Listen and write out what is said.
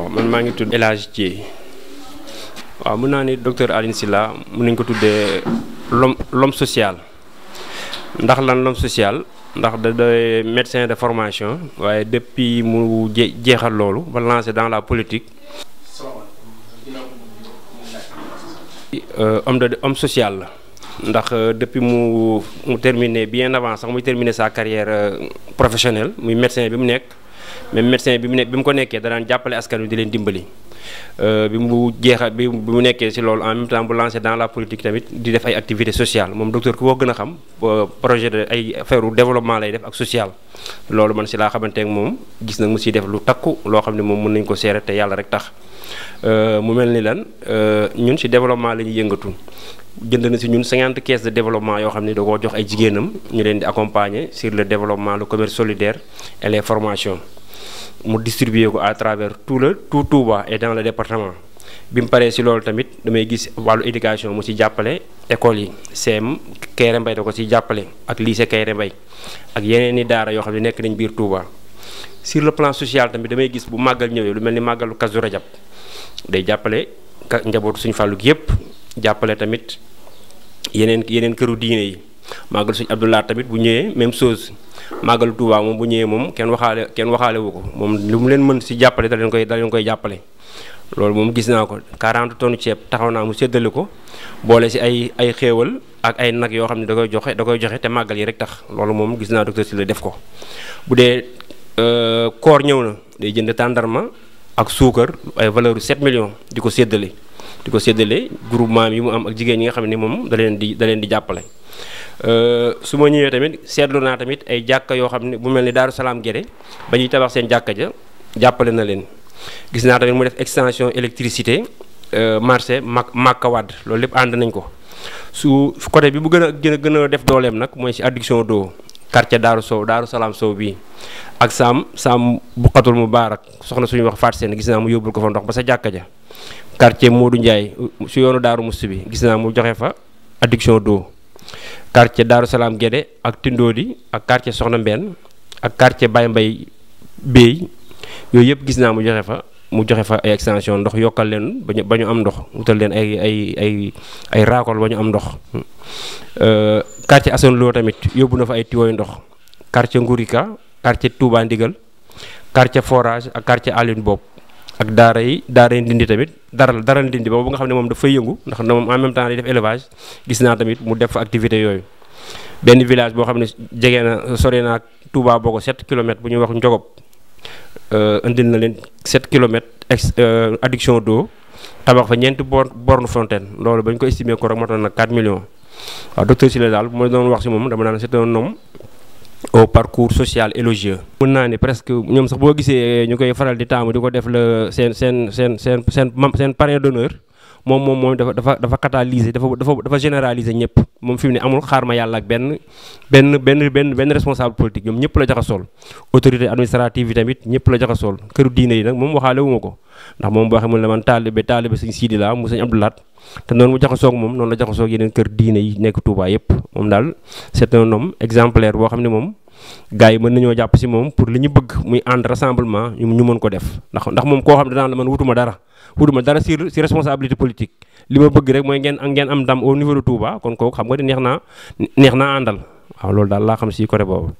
bon man maa ngi tudd El Hadj waaw mun naa ni docteur Alioune silla mun nañ ko tuddee l'homme l'homme social ndax lan l'homme social ndax da doy médecin de formation waaye depuis mu jeexal loolu ba lancé dans la politique euh, homme de homme social la ndax euh, depuis mu mu terminé bien avant sax muy terminé sa carrière euh, professionnelle muy médecin bi mu nekk même médecin bi mu ne bi mu ko nekkee da daan jàppale askan wi di leen dimbali euh, bi mu jeexa bi mu nekkee ci loolu en même temps bu lancé dans la politique tamit di def ay activités sociales moom docteur ku ko gën a xam euh, projet de ay affaire développement lay def ak social loolu man ci laa xamante ak moom gis na mu ciy def lu takku loo xam ne moom mën nañ ko seere te yàlla rek tax euh, mu mel ni lan ñun ci développement la ñuy yëngatu jënd na ci ñun 50 caisses de développement yoo xam ne da koo jox ay jigéenam ñu leen di accompagner le développement le commerce solidaire les formations mu distribuer ko à travers tout le tout Touba et dans le département bi mu paree si loolu tamit damay gis wàllu éducation mu si jàppale école yi CM Kéré mbay da ko si jàppale ak lii lycée Kéré mbay ak yeneen i daara yoo xam ne nekk nañ biir Touba. sur le plan social tamit damay gis bu màggal ñëwee lu mel ni màggalu Kazu Rajab day jàppale njaboot suñu fàllu gi yëpp jàppale tamit yeneen yeneen këru diine yi. màggal sëñ Abdoulaye tamit bu ñëwee même chose màggalu Touba moom bu ñëwee moom kenn waxaale kenn waxaalewu ko moom li mu leen mën si jàppale da leen koy da koy jàppale. loolu moom gis naa ko 40 tonnes ceeb taxaw naa mu séddale ko boole si ay ay xéewal ak ay nag yoo xam ne da koy joxe da koy joxe te màggal yi rek tax loolu moom gis naa si Sylla def ko bu dee euh, koor ñëw na day jënd tàndarma ak suukar ay valeur 7 millions di ko séddale di ko séddale groupement yi mu am ak jigéen ñi nga xam ne moom da leen di da leen di jàppale Euh, su ma ñëwee tamit seetlu naa tamit ay jàkka yoo xam ne bu mel ni Daaru Salaam Guédé ba ñuy tabax seen jàkka ja jàppale na leen gis naa tamit mu def extension électricité euh, marché mak màkkawadd loolu lépp ànd nañ ko su côté bi mu gën a gën a gën a def dooleem nag mooy si adduction doo quartier Daaru Sow Daaru Salaam Sow bii ak saam saam buqatul Mubaarak soxna suñu wax faat seen gis naa mu yóbbul ko fa ndox ba sa jàkka ja quartier Modou Ndiaye su yoonu Daaru Musti bi gis naa mu joxe fa adduction d'eau quartier Daaru Salaam Guédé ak Tindóodi ak quartier Soxna Mbenn ak quartier Baye Mbay Béy yooyu yëpp gis naa mu joxe fa mu joxe fa ay extension ndox yokkal leen ba ñu ba ñu am ndox wutal leen ay ay ay ay raakol ba ñu am ndox euh, quartier Assane Lo tamit yóbbu na fa ay tiwooyu ndox quartier Ngourika quartier Touba Ndigal quartier forage ak quartier Aline Bopp ak daara yi daara yi dindi tamit daral daral dindi bu nga xam ne moom dafay yëngu ndax moom en même temps day def élevage gis naa tamit mu def fa activité yooyu benn village boo xam ne jege na sore naa Touba boo ko 7 kilomètres bu ñuy wax Njogob indil euh, na leen 7 kilomètres ex euh, adduction d'eau tabax fa ñeenti borne fontaine loolu ba ñu ko estimé ko rek matoon na 4 millions waaw docteur Sylla daal bu ma doon wax si moom dama naan c'est au parcours social élogieux. mën naa ne presque ñoom sax boo gisee ñu koy faral di taamu di ko def la seen seen seen seen seen seen parrain d'honneur moom moom moom dafa dafa dafa catalyser dafa dafa dafa généraliser ñëpp moom fi mu ne amul xaar ma yàlla ak benn benn benn benn benn responsable politique ñoom ñëpp la jaxasool autorité administrative yi tamit ñëpp la jaxasool këru diine yi nag moom waxaale wu ma ko. ndax moom boo xamul ne man taalibe taalibe sëñ Sidi laa mu sëñ Abdou te noonu mu jaxasoog moom noonu la jaxasoog yeneen kër diine yi nekk Touba yëpp moom daal c'est un boo xam ne moom gars yi mën nañoo jàpp si moom pour li ñu bëgg muy ànd rassemblement ñu mën ko def ndax ndax moom koo xam ne danaa la man wutuma dara wutuma dara si si responsabilité politique li ma bëgg rek mooy ngeen ngeen am ndam au niveau de Touba kon kooku xam nga ne neex naa neex naa àndal waaw loolu daal laa xam si côté boobu